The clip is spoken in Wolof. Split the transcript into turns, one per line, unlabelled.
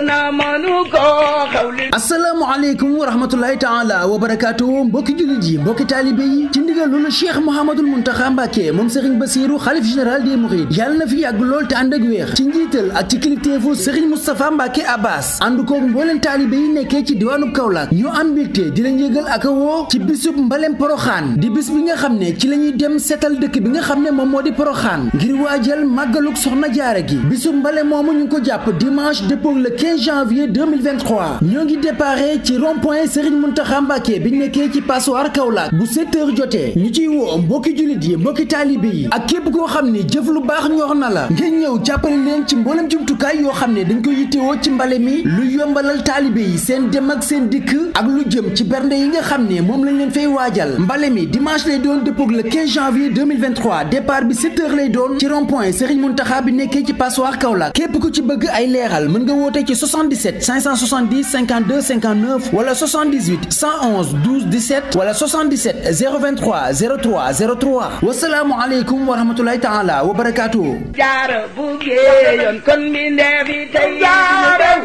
na mënu ko asalaamaaleykum wa rahmatulahi taala wa barakaatu mbokki jullit yi mbokki taalibe yi ci ndigal loolu cheikh mouhamadul muntaxa mbàkke moom sëriñ basiru xalif général des mourides yàlla na fi yàgg lool te ànd ak wéex ci njiital ak ci kilifteefu sëriñ moustapha mbàkke abbas ànd koog mbooleen taalibe yi nekkee ci diwaanub kaolack ñoo am mbégte di leen yëgal ak woo ci bisub mbaleen poroxaan di bis bi nga xam ne ci la ñuy dem setal dëkk bi nga xam ne moom moo di poroxaan ngir waajal màggaluk soxna jaara gi bisub mbale moomu ñu ko jàpp dimanche dëppoog le 15 janvier 2023 ñoo ngi déparé ci rond-point Serigne Mountakha Mbacké bi nekkee ci passoir Kaolack bu 7 jotee ñu ci woo mbokki jullit yi mbokki taalibe yi ak képp koo xam ne jëf lu baax ñor na la ngeen ñëw jàppale leen ci mboolem jumtukaay yoo xam ne dañ ko yittewoo ci mbale mi lu yombalal taalibe yi seen dem ak seen dikk ak lu jëm ci bernde yi nga xam ne moom lañ leen fay waajal mbale mi dimanche lay doon dëppoog le 15 janvier 2023 départ bi 7 heures lay doon ci rond-point Serigne Mountakha bi nekkee ci passoir Kaolack képp ku ci bëgg ay leeral mën 52 59 wala 78 111 12 17 wala 77 023 03 03 wasalaamualeykum wa rahmatulahi taala wa barakaatu. jaara bu géeyoon kon bi ndeefi tey